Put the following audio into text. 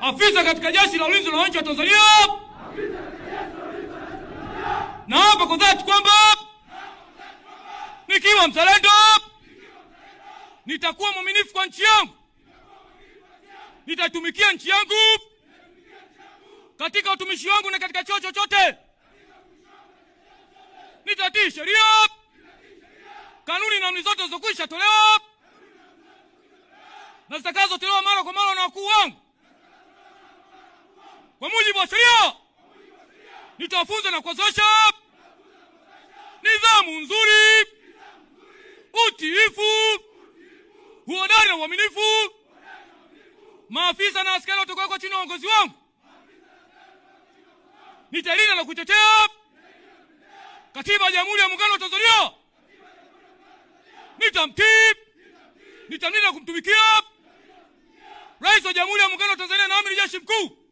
afisa katika jeshi la ulinzi la wananchi wa Tanzania, na hapa kwa dhati kwamba nikiwa mzalendo nitakuwa mwaminifu kwa nchi yangu, nitatumikia nchi yangu katika utumishi wangu na katika cheo chochote, nitatii sheria, kanuni na amri zote zilizokwisha tolewa na zitakazotolewa mara kwa mara na wakuu wangu nitafunza na kukosesha nidhamu nzuri, utiifu, uhodari na uaminifu. Maafisa na askari watakaokuwa chini ya uongozi wangu nitalinda na kutetea katiba ya Jamhuri ya Muungano wa Tanzania. Nitamtii, nitamlinda na kumtumikia Rais wa Jamhuri ya Muungano wa Tanzania na Amiri Jeshi Mkuu.